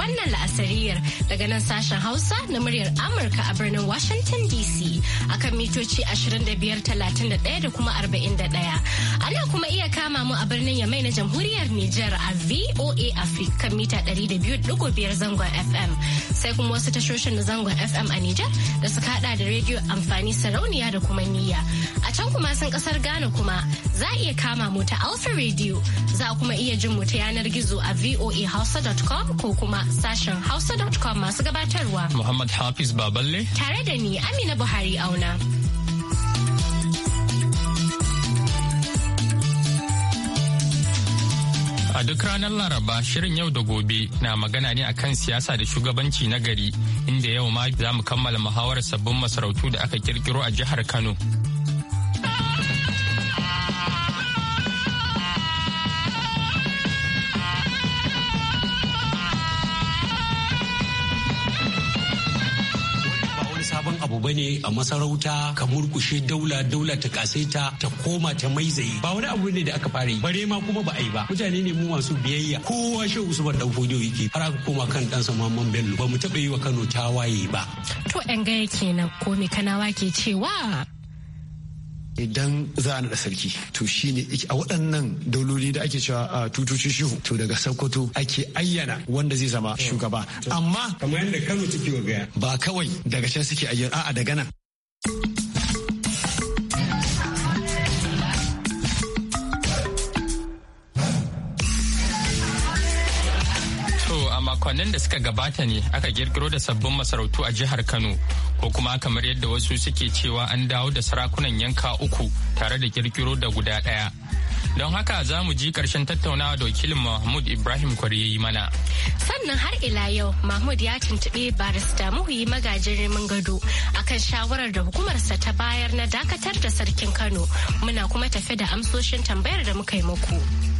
wannan la'asariyar daga nan sashen Hausa na muryar Amurka a birnin Washington DC akan mitoci 2531 da kuma 41. Ana kuma iya kama mu a birnin Yamai na jamhuriyar Nijar a VOA Africa kan mita 200.5 zangon FM. sai kuma wasu tashoshin na zangon FM a Nijar da suka hada da rediyo amfani sarauniya da kuma niyya. A can kuma sun kasar Ghana kuma za a iya kama mu ta Alpha rediyo za kuma iya jin mu ta yanar gizo a voa hausa voahausa.com ko kuma sashen hausa.com masu gabatarwa. Muhammad Hafiz Baballe. Tare da ni Amina Buhari Auna. duk ranar Laraba shirin yau da gobe na magana ne akan siyasa da shugabanci na gari inda yau ma za mu kammala muhawarar sabbin masarautu da aka kirkiro a jihar Kano. abu ne a masarauta ka murkushe daula daula ta kasaita ta koma ta maizaye ba wani abu ne da aka fara yi bare ma kuma ba a yi ba mutane ne mu masu biyayya kowa shehu usman dan fodiyo yake har aka koma kan saman man bello ba mu taɓa yi wa kano ta waye ba to ɗan gaya kenan ko me kanawa ke cewa idan za a naɗa sarki to shi ne a waɗannan dauloli da ake cewa a tutuci shihu to daga sokoto ake ayyana wanda zai zama shugaba mm. amma kamar yadda kano wa gaya ba kawai daga can suke ayyana a'a daga nan makonnin da suka gabata ne aka girgiro da sabbin masarautu a jihar Kano ko kuma kamar yadda wasu suke cewa an dawo da sarakunan yanka uku tare da girgiro da guda daya Don haka za mu ji karshen tattaunawa da wakilin Mahmud Ibrahim yi mana. Sannan har ila yau Mahmud ya tuntube barista muhuyi magajin rimin gado akan shawarar da hukumarsa ta bayar na dakatar da sarkin Kano muna kuma tafe da amsoshin tambayar da muka yi muku.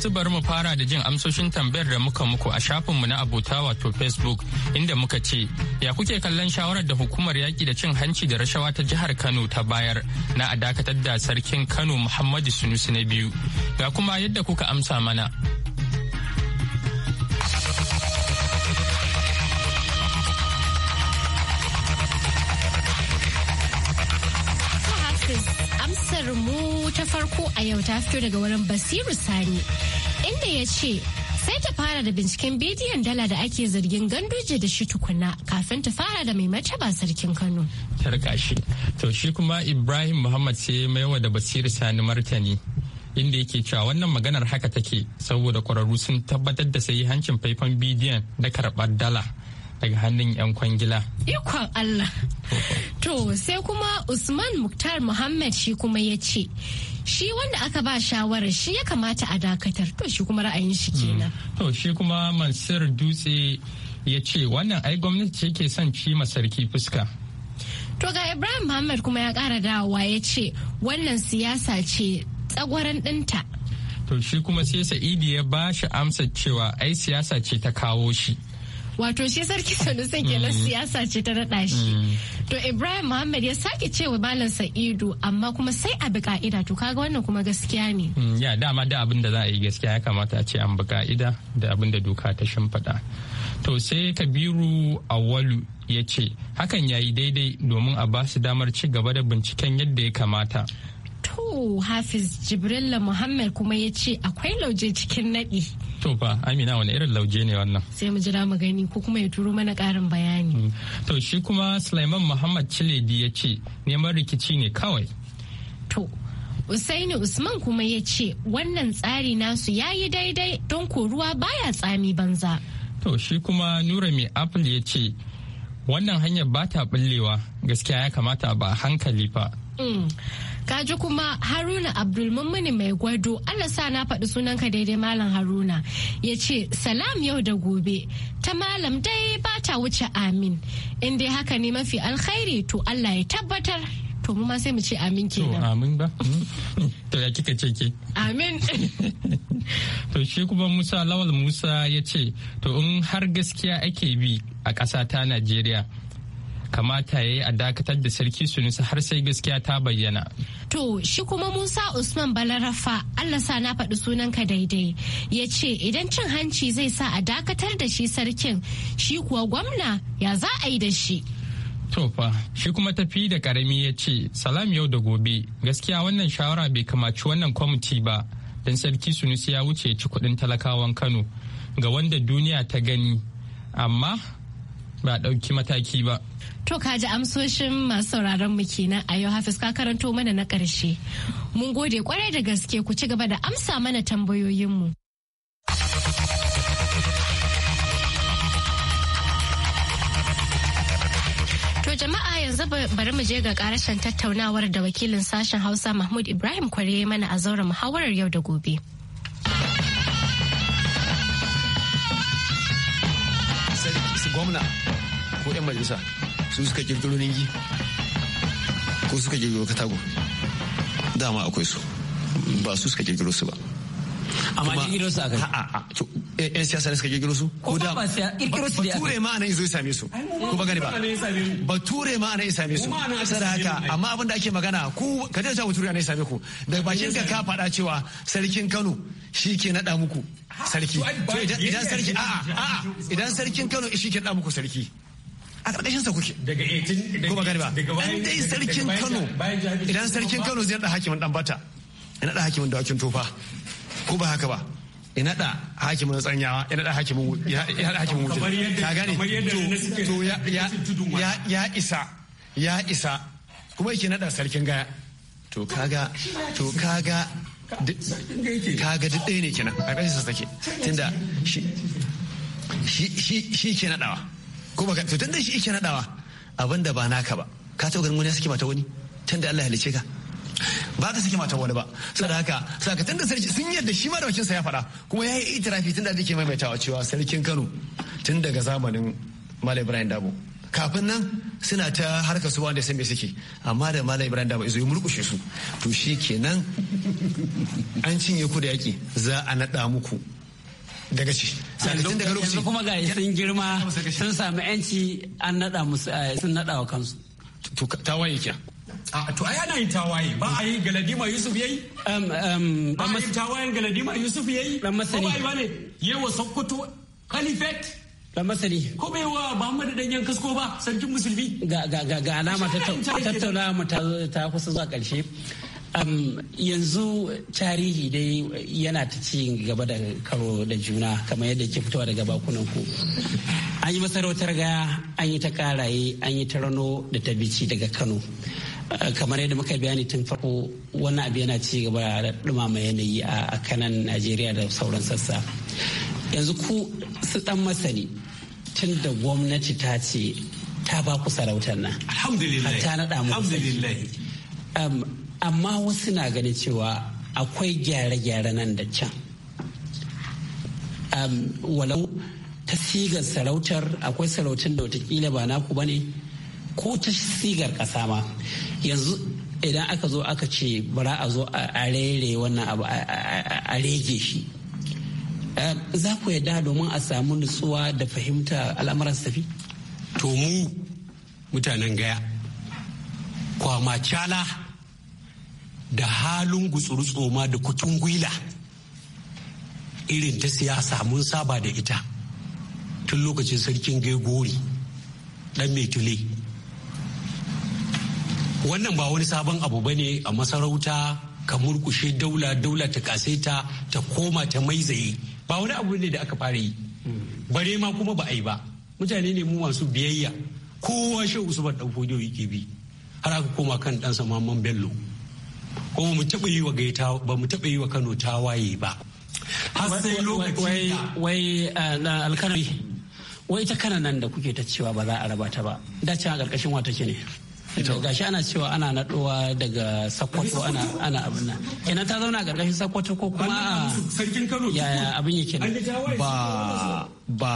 yanzu bari mu fara da jin amsoshin tambayar da muka muku a shafinmu na abota wato facebook inda muka ce ya kuke kallon shawarar da hukumar yaƙi da cin hanci da rashawa ta jihar kano ta bayar na a dakatar da sarkin kano muhammadu sunusi na biyu ga kuma yadda kuka amsa mana mu ta farko a yau ta fito daga wurin Basiru Sani inda ya ce sai ta fara da binciken bidiyon dala da ake zargin ganduje da shi tukuna kafin ta fara da mai ba sarkin kano tarka to shi kuma ibrahim muhammad sai maiwa da basiru sani martani inda yake cewa wannan maganar haka take saboda kwararru sun tabbatar da sayi hancin faifan bidiyon da karɓar dala daga hannun 'yan kwangila. Ikon Allah. To sai kuma Usman Muktar Muhammad shi kuma ya ce, shi wanda aka ba shawarar shi ya kamata a dakatar to shi kuma ra'ayin shi hmm. kenan. To shi kuma Mansur Dutse ya ce wannan ai gwamnati ce ke son ci sarki fuska. To ga Ibrahim Muhammad kuma ya kara dawowa ya ce wannan siyasa ce tsagwaran ɗinta. To shi kuma sai Sa'idi ya ba shi amsa cewa ai siyasa ce ta kawo shi. wato shi sarki sanusi kenan mm. siyasa ce ta naɗa shi mm. to ibrahim muhammad ya sake ce cewa malam sa'idu amma kuma sai a bi ka'ida to kaga wannan kuma gaskiya ne mm, ya dama da abin da za a yi gaskiya ya kamata a ce an bi ka'ida da abin da doka ta shimfiɗa to sai kabiru awalu ya ce hakan ya yi daidai domin a ba su damar ci gaba da binciken yadda ya kamata naku Hafiz Jibrilla Muhammad kuma ya ce akwai lauje cikin naɗi. To fa Amina wani irin lauje ne wannan? Sai mu jira mu gani ko kuma ya turo mana ƙarin bayani. Mm. To shi kuma Sulaiman Muhammad Ciledi ya ce neman rikici ne kawai. To Usaini Usman kuma ya ce wannan tsari nasu ya yi daidai don koruwa baya tsami banza. To shi kuma Nura mai Apple ya ce wannan hanyar ba ta ɓullewa gaskiya ya kamata ba hankali fa. Kaji kuma Haruna mummuni mai gwado Allah sa na faɗi sunanka daidai Malam Haruna ya ce salam yau da gobe ta malam dai ba ta wuce amin inda dai haka ne mafi alkhairi to Allah ya tabbatar to mu ma sai mu ce amin kenan. To amin ba. To ya kika ce ke? Amin. To shi kuma Musa Lawal Musa ya ce to in har gaskiya ake bi a ƙasa ta Najeriya kamata ya yi a dakatar da sarki su nisa har sai gaskiya ta bayyana. To shi kuma Musa Usman Balarafa Allah sa na faɗi sunanka daidai ya ce idan cin hanci zai sa a dakatar da shi sarkin shi kuwa gwamna ya za a yi da shi. Tofa shi kuma tafi da karami ya ce salam yau da gobe gaskiya wannan shawara bai kamaci wannan kwamiti ba don sarki sunusi ya wuce ci kudin talakawan Kano ga wanda duniya ta gani amma ba dauki mataki ba. To ka ji amsoshin masu sauraron mu kenan a yau Hafiz ka karanto mana na ƙarshe. Mun gode kwarai da gaske ku ci gaba da amsa mana tambayoyin mu. To jama'a yanzu bari mu je ga karashen tattaunawar da wakilin sashen Hausa Mahmud Ibrahim Kware mana a zauren muhawarar yau da gobe. gwamna ko 'yan majalisa su suka kirkiro ningi ko suka kirkiro katago dama akwai su ba su suka kirkiro su ba amma kirkiro su aka eh, yan siyasa ne suka kirkiro su ko da ba kirkiro su da ture ma anan zo ya same su ko ba gani ba ba ture ma anan ya same su sai haka amma abin da ake magana ku ka ta ture anan ya same ku da bakin ka ka faɗa cewa sarkin Kano shi ke naɗa muku sarki idan sarki a'a a'a idan sarkin Kano shi ke naɗa muku sarki a ƙarƙashin sa kuke ko ba gani ba Ɗan dai sarkin Kano idan sarkin Kano zai naɗa hakimin ɗan bata ya naɗa hakimin dawakin tofa ko ba haka ba Ya naɗa hakimin tsanyawa ina da hakimin ya naɗa hakimin wuce ka gane to ya ya isa ya isa kuma yake naɗa sarkin gaya to kaga to kaga kaga duk ɗaya ne kenan a ƙarƙashin sa sake tunda shi shi shi ke naɗawa. ko ba to tunda shi yake nadawa abin da ba naka ba ka taɓa ganin wani ya saki mata wani tunda Allah ya lice ka ba ka saki mata wani ba saboda haka saka tunda sarki sun yarda shi ma da bakin sa ya fada kuma ya yi itirafi tunda yake maimaitawa cewa sarkin Kano tun daga zamanin Malam Ibrahim Dabo kafin nan suna ta harka su wanda sai me suke amma da malam ibrahim Dabo izo ya murkushe su to shi kenan an cinye ku da yaki za a naɗa muku daga ci tun daga lokaci yanzu kuma ga sun girma sun samu yanci an nada musu eh, sun nada wa kansu to tawaye kya to ai ana yin tawaye ba a yi galadima yusuf yayi ba a yi tawayen galadima yusuf yayi dan masani ko ba yi bane yewa sokoto kalifet. dan masani ko bai wa muhammadu dan yan kasko ba sarkin musulmi ga ga ga alama tattaunawa mu ta kusa zuwa karshe Um, yanzu tarihi dai yana ta ci gaba da karo da juna kamar yadda ke fitowa daga bakunan ku an yi masarautar gaya an yi ta karaye an yi ta rano da ta bici daga kano eh, kamar yadda muka bayani tun farko wannan abu yana ci gaba da dumama yanayi a kanan najeriya da sauran sassa yanzu ku su dan masani tun da gwamnati ta ce ta ba ku sarautar nan alhamdulillah amma wasu na ganin cewa akwai gyare-gyare nan da can um, walau ta sigar sarautar akwai sarautun da watakila ba naku ba ne ko ta sigar ƙasa ma yanzu idan aka zo aka ce bara a zo a rere wannan abu a rege shi um, za ku yadda domin a samu nutsuwa da fahimta al'amuran tafi? to mu mutanen gaya kwamacala da halin gutsuru tsoma da kutun gwila irin ta siyasa mun saba da ita tun lokacin sarkin gegori dan mai tule wannan ba wani sabon abu ba ne a masarauta ka murkushe daula daula ta kaseta ta koma ta maizaye ba wani abu ne da aka fara yi bare ma kuma ba a yi ba mutane ne mu masu biyayya kowa shehu usman dan fodiyo yake bi har aka koma kan ɗansa mamman bello ko mu taɓa yi wa gaita ba mu taɓa yi wa Kano ta waye ba har sai lokaci wai eh, na alkarami wai ita kana nan da kuke ta cewa ba za a raba ta ba da a ƙarƙashin wata ke ne gashi ana cewa ana naɗuwa daga sakkwato ana ana abin nan kenan ta zauna a ƙarƙashin sakkwato ko kuma sarkin kano yaya abin yake ba ba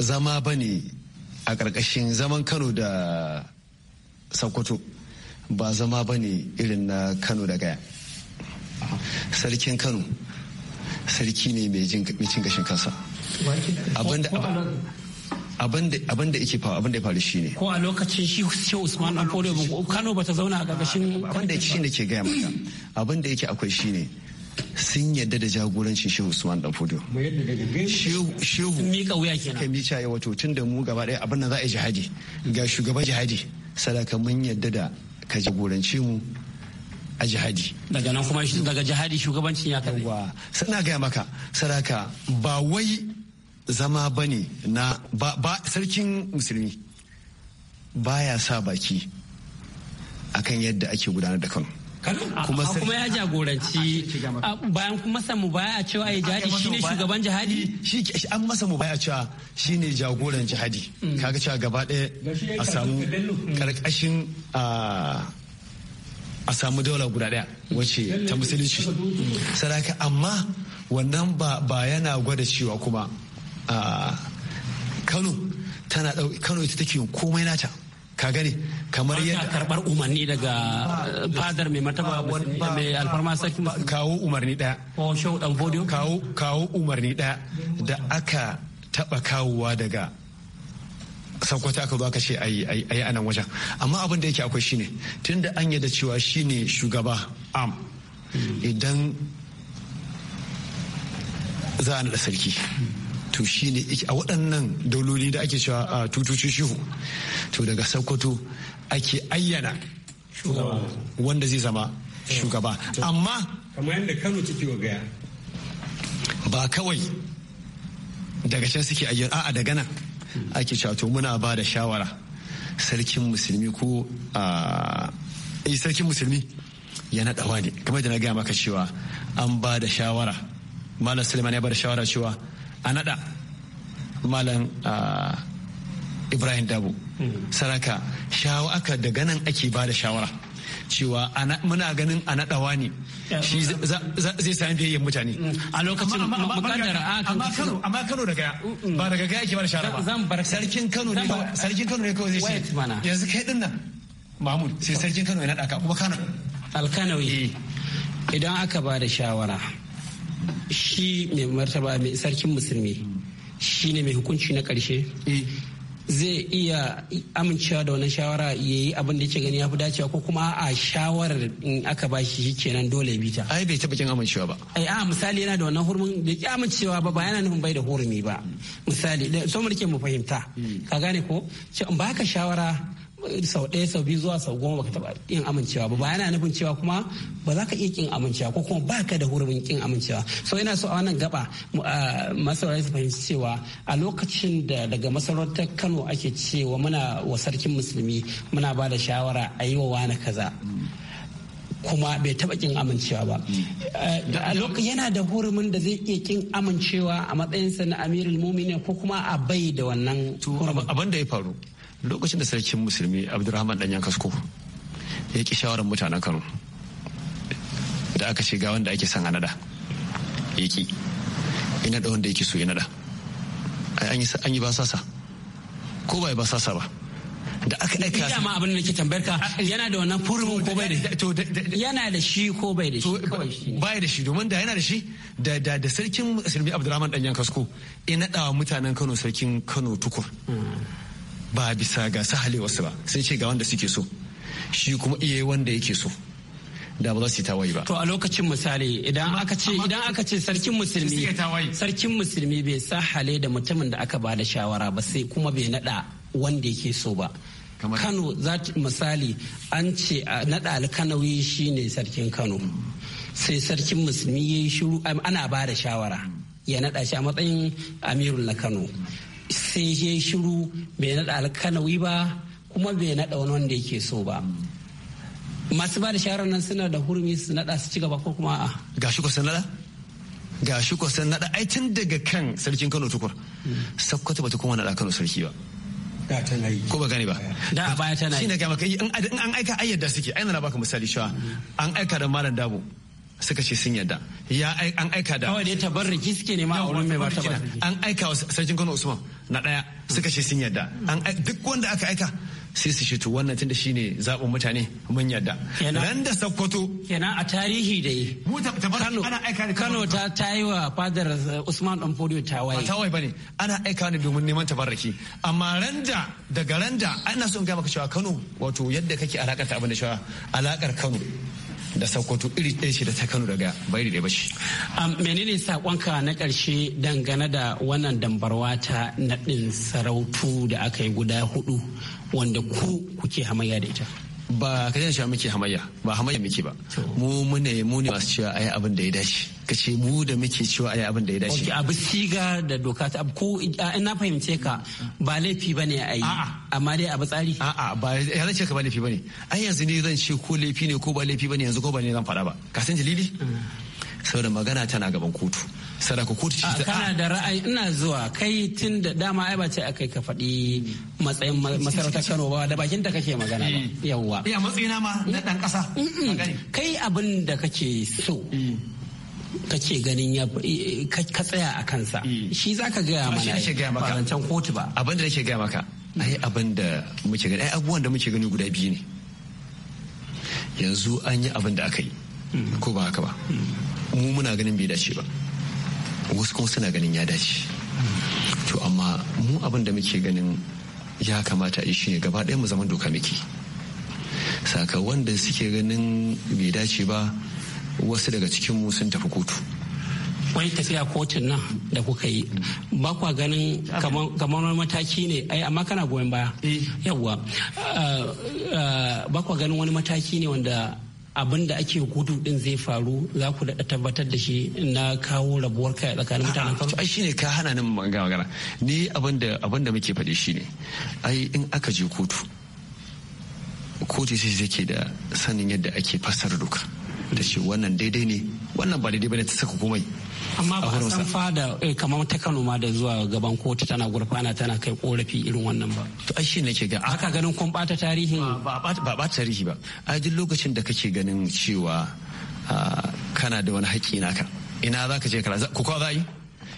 zama bane a ƙarƙashin zaman kano da sakkwato ba zama ba ne irin na kano da gaya sarkin kano sarki ne mai cin gashin kansa abin da ike faru abin da ya faru shi ne ko a lokacin shi ce usman dan fodo kano bata zauna a ƙarƙashin abin da shi ne ke gaya maka abin da yake akwai shi ne sun yadda da jagorancin shehu usman dan fudu. shehu mika wuya kenan kai mika ya wato tun da mu gaba daya abin da za a yi jihadi ga shugaban jihadi sadaka mun yadda da ka jagorance mu a jihadi daga nan kuma daga jihadi shugabancin ya kare sana gaya maka saraka ba wai zama bane na ba, ba sarkin musulmi baya sa baki akan yadda ake gudanar da kano kuma kuma ya jagoranci bayan kuma masa mu baya cewa ya jihadi shine shugaban jihadi shi an masa mu baya cewa shine jagoran jihadi mm. kaga cewa gaba ɗaya mm. a samu karkashin a samu daular guda ɗaya wacce ta musulunci saraka mm. amma wannan ba yana gwada cewa kuma kano tana kano ita take yin komai nata ka gane kamar yadda karbar umarni daga eh, fadar mai martaba mai alfarma sarki kawo umarni daya oh, kawo kawo umarni daya da aka taba kawowa daga sankwata aka zo aka ce a yi anan wajen amma abin da yake akwai shine tunda an yadda cewa shine shugaba am hmm. idan za a naɗa sarki to shi ne a waɗannan dauloli da ake cewa a tutuci shihu to daga sokoto ake ayyana wanda zai zama shugaba amma kamar yadda kano ciki wa gaya ba kawai daga can suke ayyana a'a daga nan ake cewa to muna ba da shawara sarkin musulmi ko a eh, sarkin musulmi ya naɗa ne kamar da na gaya maka cewa an ba da shawara malam suleiman ya ba da shawara cewa a nada malam ibrahim dabo hmm. saraka shawa aka daga nan ake ba da shawara cewa muna ganin a naɗawa ne shi zai sami biyayya mutane hmm. a lokacin makadara a kan kano amma kano da gaya ba daga gaya ke ba da shara ba sarkin kano ne sarkin kano ne kawai zai ce yanzu kai din nan mahmud sai sarkin kano ya naɗa ka kuma kano alkanawi eh. idan aka ba da shawara shi mai martaba mai sarkin musulmi shi ne mai hukunci na karshe eh. zai iya amincewa da wannan shawara ya yi abin da yake gani ya fi dacewa ko kuma a shawarar in aka ba shi kenan dole bi ta. Ai bai taɓa kin amincewa ba. Ai a misali yana da wannan hurumin da ki amincewa ba ba yana nufin bai da hurumi ba. Misali so mu rike mu fahimta. Hmm. Ka gane ko? Ba ka shawara sau ɗaya sau biyu zuwa sau goma baka taɓa yin amincewa ba yana nufin cewa kuma ba za ka iya ƙin amincewa ko kuma ba ka da hurumin ƙin amincewa so ina so a wannan gaba masarautar su fahimci cewa a lokacin da daga masarautar kano ake cewa muna wa sarkin musulmi muna ba da shawara a yi wa wani kaza kuma bai taba kin amincewa ba a lokacin yana da hurumin da zai iya kin amincewa a matsayinsa na amirul muminin ko kuma a bai da wannan abin da ya faru lokacin da sarkin musulmi abdulrahman danyan kasko ya ki shawarar mutanen kano da aka ce ga wanda ake san a nada ya ki ina da wanda yake so ya nada an yi ba sasa ko ba ba sasa ba da aka aika su ma abin da ke tambayar ka yana da wannan furumin ko bai da shi yana da shi ko bai da shi bai da shi domin da yana da shi da da da sarkin musulmi abdurrahman danyan kasko ya nada wa mutanen kano sarkin kano tukur hmm. ba bisa ga sahale wasu ba sai ce ga wanda suke so shi kuma iya wanda yake so da ba za su yi tawayi ba. To a lokacin misali idan aka ce idan aka ce sarkin musulmi sarkin musulmi bai sahale da mutumin da aka bada shawara ba sai kuma bai nada wanda yake so ba. Kano za misali an ce a nada alkanawi shine sarkin Kano. Sai sarkin musulmi ya yi shiru ana bada shawara ya nada shi a matsayin amirul na Kano. sai ya shiru bai naɗa alkanawi ba kuma bai naɗa wani wanda yake so ba masu ba da shawarar nan suna da hurumi su naɗa su ci gaba ko kuma a Ga shi sun naɗa ga shi sun naɗa ai tun daga kan sarkin Kano tukur Sakkwata bata kuma naɗa Kano sarki ba ko ba gani ba da a baya tana yi na ga maka in an aika ayyadda suke ai na baka misali shawa an aika da malam dabo suka ce sun yadda ya an aika da kawai dai tabarriki suke nema a wurin mai ba tabarriki an aika wa sarkin Kano Usman na daya suka ce sun yadda an duk wanda aka aika sai su shi wannan tunda shine zaɓin mutane mun yadda nan da sakkwato yana a tarihi da yi Kano ta tayi wa fadar eh, Usman Dan Fodio tawaye ba tawaye bane ana aika ne domin neman tabarraki amma randa daga randa ana son ga maka cewa Kano wato yadda kake alakar ta abin da cewa alakar Kano da sokoto iri ɗaya ce da ta kano daga bai da bashi. menene sakonka na ƙarshe dangane da wannan dambarwa ta naɗin sarautu da aka yi guda hudu wanda ku kuke hamayya da ita ba ka daina cewa muke hamayya ba hamayya muke ba mu mune mu ne masu cewa ayi abin da ya dace ka ce mu da muke cewa ayi abin da ya dace abu siga da doka ta ko na fahimce ka ba laifi ne a yi. amma dai abu tsari a'a ba ya zan ce ka ba laifi ne ai yanzu ne zan ce ko laifi ne ko ba laifi ne yanzu ko ba ne zan faɗa ba ka san dalili mm. saboda magana tana gaban kotu sadaka kotu shi ta kana da ra'ayi ina zuwa kai tun da dama ai ba ce akai ka faɗi matsayin masarautar Kano ba da bakin ta kake magana ba mm. yawwa ya eh, matsayina ma na dan ƙasa. kai abin da kake so mm. kake ganin ya ka tsaya a kansa mm. shi za ka gaya mana ba can kotu ba abin da nake gaya maka ai abin da muke gani ai abubuwan da muke gani guda biyu ne yanzu an yi abin da aka yi ko ba haka ba mu muna ganin bai dace ba wasu kuma suna ganin ya dace to amma mu abin da muke ganin ya kamata a yi shi gaba ɗaya mu zama doka muke saka wanda suke ganin bai dace ba wasu daga cikin mu sun tafi kotu wani tafiya kotun nan da kuka yi ba kwa ganin kamar mataki ne ai amma kana goyon baya eh. yawwa ah, ah, ba kwa ganin wani mataki ne wanda abin da ake gudu din zai faru za ku daɗa tabbatar da shi na kawo rabuwar kai tsakanin mutanen kano ai shine ka hana nan magana ni abin da abin da muke faɗi shine ai in aka je kotu kotu sai ke da sanin yadda ake fassara duka. da shi wannan daidai ne wannan ba daidai bane ta saka komai amma ba a san fada eh, kamar ta Kano ma da zuwa gaban kotu tana gurfana tana kai korafi irin wannan ba to ai ne ke ga aka ganin kun bata tarihi ba ba tarihi ba a duk lokacin da kake ganin cewa kana da wani haƙƙi naka ina za ka je kara ku kwa yi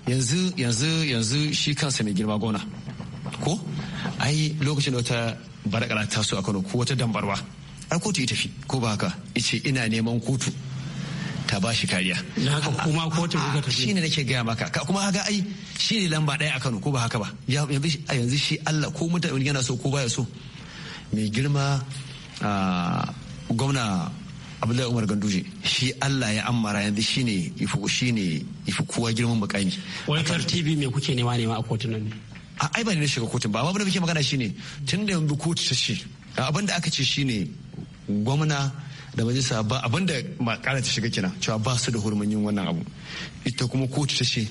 yanzu yanzu yanzu shi kansa mai girma gona ko ai lokacin da wata barakala so a Kano ko wata dambarwa ai kotu ya tafi ko ba haka ice ina neman kotu ta ba shi kariya na haka kuma kotu kuka tafi shine nake gaya maka kuma haka ai shine lamba ɗaya a Kano ko ba haka ba yanzu shi Allah ko mutane yana so ko baya so mai girma gwamna abdullahi umar ganduje shi allah ya ammara yanzu shine shine ifu kuwa girman mukami wai tartibi me kuke nema nema a kotunan ne a ai ba ne shiga kotun ba amma abin da muke magana shine tun da yanzu kotu ta ce abin da aka ce shine gwamna da majalisa ba abinda ma kara ta shiga kina cewa ba su da hurumin yin wannan abu ita kuma kotu ta ce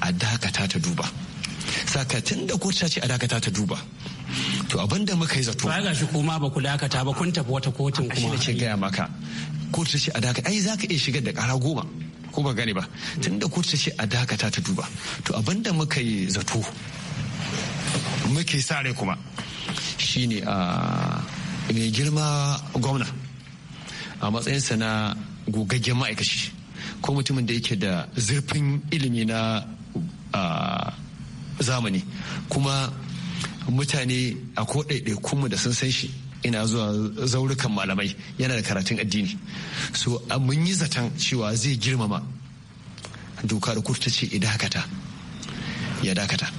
a dakata ta duba sakatin da kotu ta ce a dakata ta duba to abinda muka yi zato ba ga shi kuma ba ku dakata ba kun tafi wata kotun kuma shi ce gaya maka kotu ta ce a dakata ai zaka iya shigar da kara goma ko ba gane ba tun da kotu ta ce a dakata ta duba to abinda muka yi zato muke sare kuma shine a ah, mai girma gwamna a matsayinsa na gogaggen ma'aikaci ko mutumin da yake da zurfin ilimi na zamani kuma mutane a ko ɗaiɗaikunmu da sun san shi ina zuwa zaurukan malamai yana da karatun addini so mun yi zaton cewa zai girmama doka da kurta ce ya dakata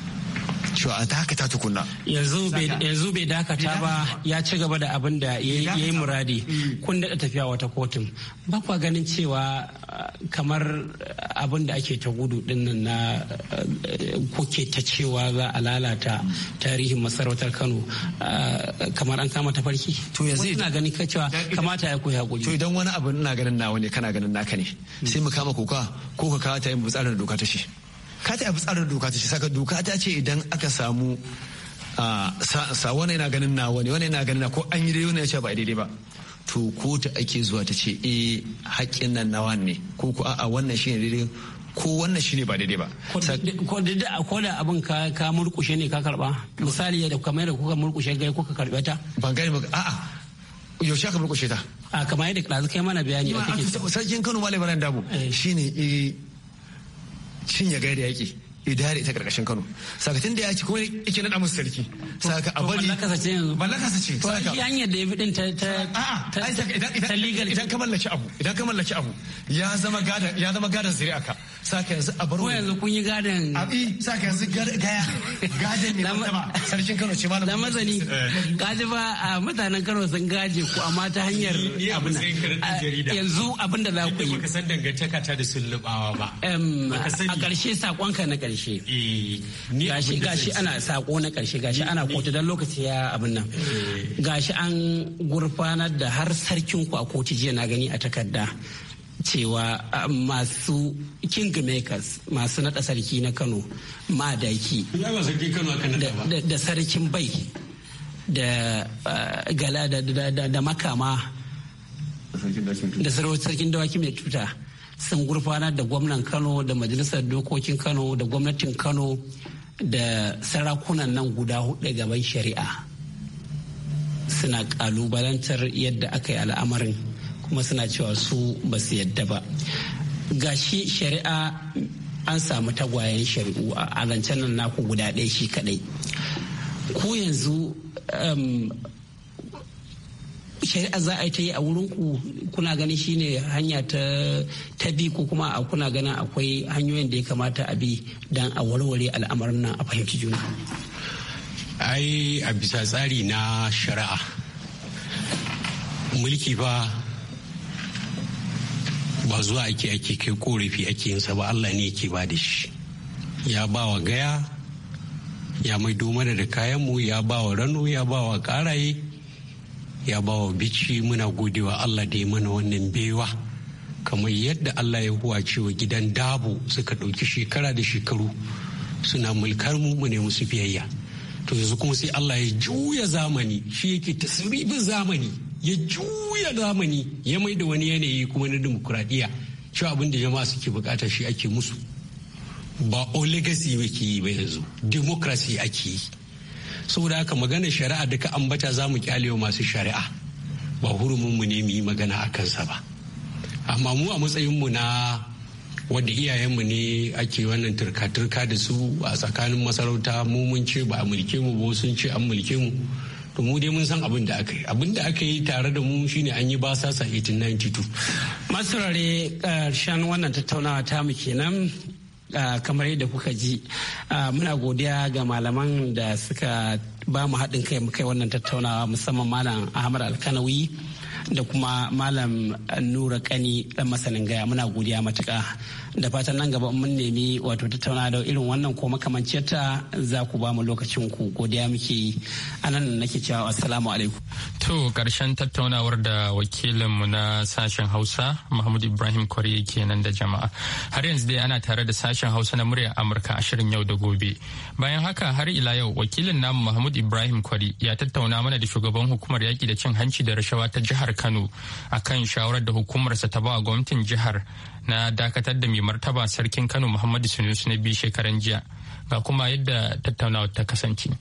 cewa a dakata tukunna yanzu yanzu bai dakata ba ya ci gaba da abin da ya yi muradi mm. kun daɗa tafiya wata kotun ba kwa ganin cewa uh, kamar uh, abin da ake ta gudu nan na uh, kuke ta cewa za a lalata mm. tarihin masarautar kano kamar an kama ta farki to yanzu ina ganin ka cewa kamata ya koyi hakuri to idan wani abu ina ganin nawa ne kana ganin naka ne mm. sai mu kama kuka ko ka kawo ta yin butsarar doka ta shi doka ta fi tsarin doka ta ce saka doka ta ce idan aka samu sa wani yana ganin na wani wani yana ganin na ko an yi daidai wani ya ce ba daidai ba to kotu ake zuwa ta ce eh haƙƙin nan nawa ne ko ko a'a wannan shi ne daidai ko wannan shi ne ba daidai ba. Ko da da ko abin ka murkushe ne ka karba misali da kamar da kuka murkushe gai kuka karbe ta. Ban gani ba a'a yaushe aka murkushe ta. A kamar yadda ɗazu kai mana bayani da kake. Sarkin Kano Malam Ibrahim Dabo shine eh, eh cinye gari yaki ya dare ta karkashin Kano sakatin da ya ci kuma yake nada musu sarki saka a bari mallaka sace yanzu mallaka sace saka shi hanyar da ya bi ta ta ta ta legal idan ka mallaki abu idan ka mallaki abu ya zama gadan ya zama gadan zuri'a ka saka yanzu a baro ko yanzu kun yi gadan abi saka yanzu gaya gadan ne ba sarkin Kano ce malam da mazani gaji ba a mutanen Kano sun gaje ku amma ta hanyar abin yanzu abin da za ku yi ka san dangantaka ta da sulubawa ba a karshe sakonka na karshe karshe eh, gashi gashi ana sako na karshe gashi ana kotu don lokaci ya abin nan eh. gashi an gurfanar da har sarkin ku a kotu jiya na gani a takarda cewa ah, masu king makers masu naɗa sarki na kano daki da sarkin bai da ah, gala da makama da sarkin dawaki mai tuta sun gurfanar da gwamnan kano da majalisar dokokin kano da gwamnatin kano da sarakunan nan guda hudu gaban shari'a suna kalubalantar yadda aka yi al'amarin kuma suna cewa su ba su yadda ba Ga shi shari'a an samu tagwayen shari'u a nan naku guda ɗaya shi kadai ku yanzu um, shari'a za a ta yi a wurin ku kuna ganin shine hanya ta bi ko kuma a kuna ganin akwai hanyoyin da ya kamata a bi don a warware al'amarin nan a fahimci juna ai a bisa tsari na shari'a mulki fa ba zuwa ake ake kai korafi ake yinsa ba allah ne yake ba da shi ya ba wa gaya ya mai mana da kayanmu ya ba wa rano ya ba wa karaye ya bawa wa bici muna godewa allah da ya mana wannan bewa kamar yadda allah ya huwa cewa gidan dabu suka ɗauki shekara da shekaru suna mulkar mu mu ne musu biyayya to yanzu kuma sai allah ya juya zamani shi yake tasiribin zamani ya juya zamani ya mai da wani yanayi kuma na dimokuraɗiyya cewa abin da jama'a suke bukata shi ake musu ba o ba ke yi ba yanzu democracy ake yi saboda haka magana shari'a duka an bata za mu kyalewa masu shari'a ba hurumin mu ne mu yi magana a kansa ba amma mu a matsayin mu na wanda iyayenmu ne ake wannan turka-turka da su a tsakanin masarauta mu mun ce ba a mulke mu ba sun ce an mulke mu to mu dai mun san abin da aka yi abin da aka yi tare da mu shine an yi basasa 1892 masurare karshen wannan tattaunawa ta mu kenan Ah, kamar yadda kuka ji ah, muna godiya ga malaman da suka ba mu haɗin kai mu kai wannan tattaunawa musamman malam ahmad alkanawi da kuma malam nura kani dan masanin gaya muna godiya matuka da fatan nan gaba mun nemi wato tattauna da irin wannan ko makamanciyar ta za ku ba mu lokacin ku godiya muke yi anan nake cewa assalamu alaikum to karshen tattaunawar da wakilin mu na sashen hausa mahmud ibrahim kwari nan da jama'a har yanzu dai ana tare da sashen hausa na muryar amurka a shirin yau da gobe bayan haka har ila yau wakilin namu mahmud ibrahim kwari ya tattauna mana da shugaban hukumar yaƙi da cin hanci da rashawa ta jihar Kano a kan shawarar da hukumarsa ta ba gwamnatin jihar na dakatar da mai martaba sarkin Kano Muhammadu Sunusu na biyu shekaran jiya ga kuma yadda tattaunawa ta kasance.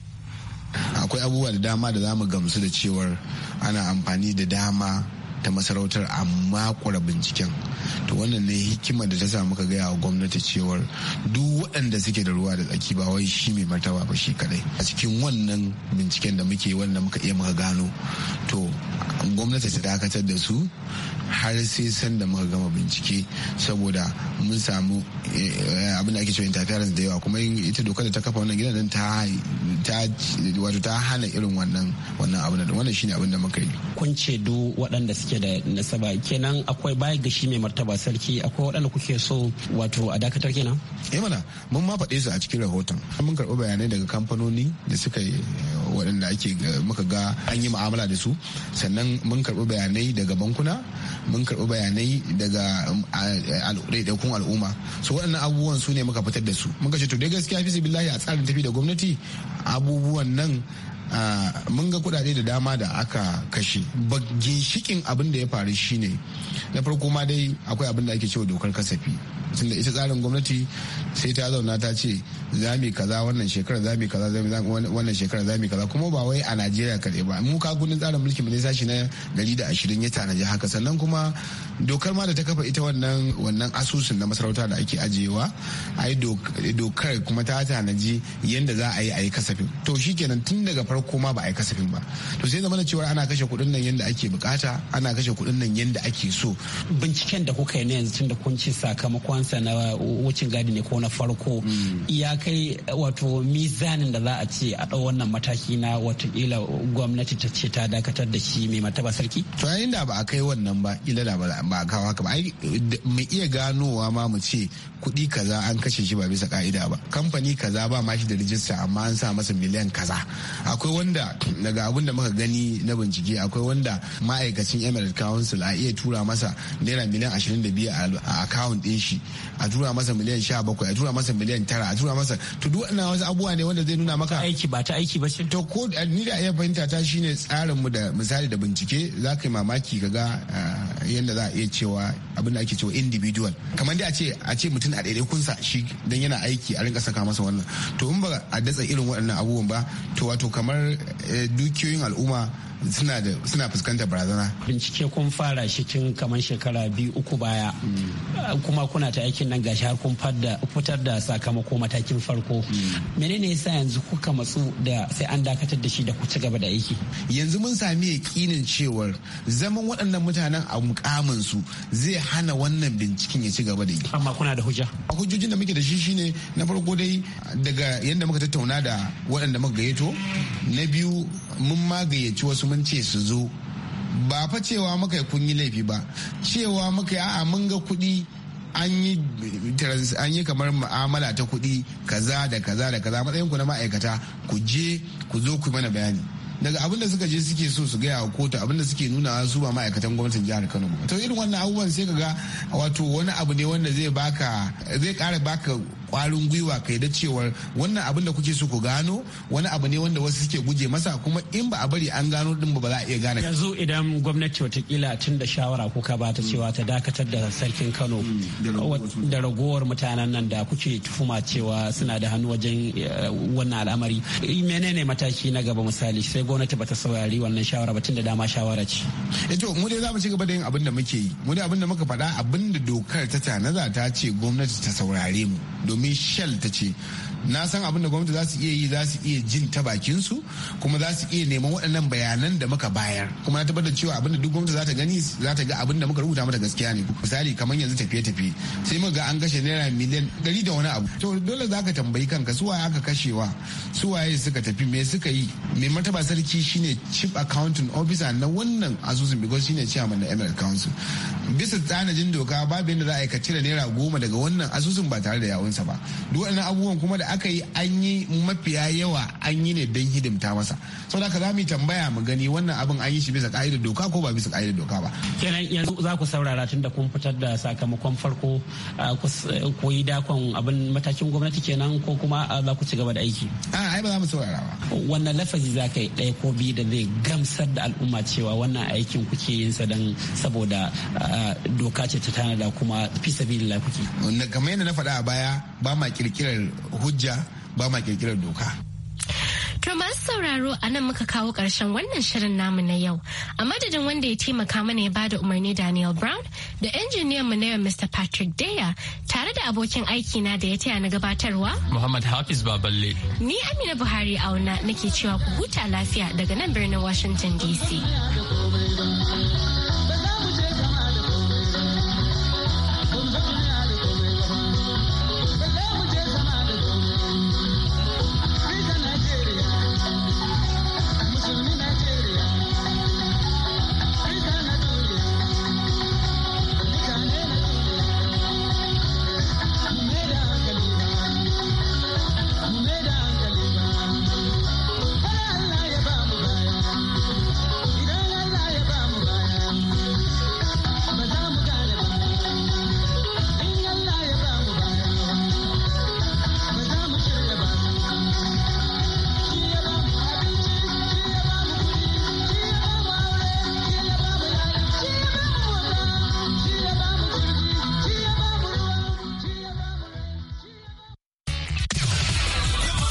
Akwai abubuwa da dama da zamu mu gamsu da cewar ana amfani da dama ta masarautar amma kura binciken to wannan ne hikima da ta sa muka gaya wa gwamnati cewar duk waɗanda suke da ruwa da tsaki ba wai shi mai martaba ba shi kadai a cikin wannan binciken da muke wanda muka iya muka gano to gwamnati ta dakatar da su har sai san da muka gama bincike saboda mun samu eh, abin da ake cewa interference da yawa kuma ita dokar da ta kafa wannan gidan ta wato ta hana irin wannan wannan abin da wannan shine abin da muka yi kun ce duk waɗanda suke suke da nasaba kenan akwai baya ga shi mai martaba sarki akwai waɗanda kuke so wato a dakatar kenan eh mana mun ma faɗe su a cikin rahoton mun karɓi bayanai daga kamfanoni da suka eh, waɗanda ake muka ga an yi mu'amala da su sannan mun karɓi bayanai daga bankuna mun karɓi bayanai daga um, eh, ɗaiɗaikun al'umma so waɗannan abubuwan su ne muka fitar da su muka ce to dai gaskiya fi billahi a tsarin tafi da gwamnati abubuwan nan Ah, mun ga kudade da dama da aka kashe ba ginshikin abin da ya faru shine na farko ma dai akwai abin da ake cewa dokar kasafi da ita tsarin gwamnati sai ta zauna ta ce za mu kaza wannan shekara za mu kaza za mu wannan shekara za mu kaza kuma ba wai a Najeriya kaɗai ba mu ka gudun tsarin mulki mu ne sashi na gari da ashirin ya tanaji haka sannan kuma dokar ma da ta kafa ita wannan asusun na masarauta da ake ajiyewa ai dokar kuma ta tanaji yadda za a yi a yi kasafin to shikenan tun daga farko farko ma ba a yi kasafin ba to sai zama cewa ana kashe kuɗin nan yadda ake bukata ana kashe kuɗin nan yadda ake so binciken da kuka yi na yanzu tunda kun ci sakamakonsa na wucin gadi ne ko na farko mm. ya kai wato mizanin da za a ce a ɗau wannan mataki na wato ila gwamnati ta ce ta dakatar da shi mai mataba sarki to yayin da ba a kai wannan ba ila da ba a kawo haka ba mu iya ganowa ma mu ce kuɗi kaza an kashe shi ba bisa ka'ida ba kamfani kaza ba ma shi da rijista amma an sa masa miliyan kaza akwai akwai wanda daga abin da muka gani na bincike akwai wanda ma'aikacin emirate council a iya tura masa naira miliyan 22 a account din shi a tura masa miliyan 17 a tura masa miliyan 9 a tura masa to duk wannan wasu abubuwa ne wanda zai nuna maka aiki ba ta aiki ba ce to ko eh, ni da iya fahimta ta shine tsarin mu da misali da bincike za ka yi mamaki ka ga eh, yadda za a iya cewa abin da ake cewa individual kamar dai a ce a ce mutum a daidai kunsa shi dan yana aiki a rinka saka masa wannan to in ba a datsa irin waɗannan abubuwan ba to wato kamar Eh, dukiyoyin al'umma suna fuskantar barazana bincike kun fara shi tun kamar shekara biyu uku baya mm. kuma kuna ta aikin nan gashi har kun fitar da sakamako matakin farko mm. menene yasa yanzu kuka matsu da sai an dakatar da shi da ku ci gaba da aiki yanzu mun sami yakinin cewar zaman waɗannan mutanen a mukamin su zai hana wannan binciken ya ci gaba da yi amma kuna da hujja a hujjojin da muke da shi shine na farko dai daga yadda muka tattauna da waɗanda muka gayyato na biyu mun ma gayyaci wasu mun su zo ba fa cewa muka kun yi laifi ba cewa muka yi a'a mun ga kuɗi an yi kamar mu'amala ta kuɗi kaza da kaza da kaza matsayin ku na ma'aikata ku je ku zo ku mana bayani daga da suka je suke so su gaya wa kotu abinda suke nuna su ba ma'aikatan gwamnatin jihar Kano ba to irin wannan abubuwan sai ga wato wani abu ne wanda zai baka zai kara baka kwarin gwiwa ka da cewar wannan abin da kuke so ku gano wani abu ne wanda wasu suke guje masa kuma in ba a bari an gano din ba ba za a iya gane yanzu idan gwamnati watakila tun da shawara kuka ba ta cewa ta dakatar da sarkin Kano mm, da ragowar mutanen nan da kuke tufuma cewa suna da hannu wajen eh, wannan al'amari menene mataki na gaba misali sai gwamnati ba ta saurari wannan shawara ba tun da dama shawara ce eh to mu dai za mu ci gaba da yin abin da muke yi mu dai abin da muka faɗa abin da dokar ta tanada ta ce gwamnati ta saurare mu domin shell ta ce na san abin da gwamnati za su iya yi za su iya jin ta bakin su kuma za su iya neman waɗannan bayanan da muka bayar kuma na tabbatar cewa abin da duk gwamnati za ta gani za ta ga abin da muka rubuta mata gaskiya ne misali kamar yanzu tafiye-tafiye sai muka ga an kashe naira miliyan ɗari da wani abu to dole za ka tambayi kanka su waye aka kashewa su waye suka tafi me suka yi me martaba sarki shine chief accounting officer na wannan asusun because shine chairman na emirate council bisa tsanajin doka babu yadda za a yi ka cire naira goma daga wannan asusun ba tare da yawunsa ba duk wani abubuwan kuma da aka yi an yi mafiya yawa an yi ne don hidimta masa da haka za mu tambaya mu gani wannan abin an yi shi bisa ka'idar doka ko ba bisa ka'idar doka ba kenan yanzu za ku saurara tun da kun fitar da sakamakon farko ku yi dakon abin matakin gwamnati kenan ko kuma za ku ci gaba da aiki a ai ba za mu saurara ba wannan lafazi za ka yi ɗaya ko biyu da zai gamsar da al'umma cewa wannan aikin kuke yin sa don saboda doka ce ta tanada kuma fi sabilillah kuke kamar yadda na faɗa a baya ba ma kirkirar hujja ba ma kirkirar doka To masu sauraro a nan muka kawo ƙarshen wannan shirin namu na yau. A madadin wanda ya taimaka mana ya bada umarni Daniel Brown da injiniyan mu na yau Mr. Patrick Deya tare da abokin aiki na da ya taya na gabatarwa. Muhammad Hafiz Baballe. Ni Amina Buhari auna nake cewa ku huta lafiya daga nan birnin Washington DC.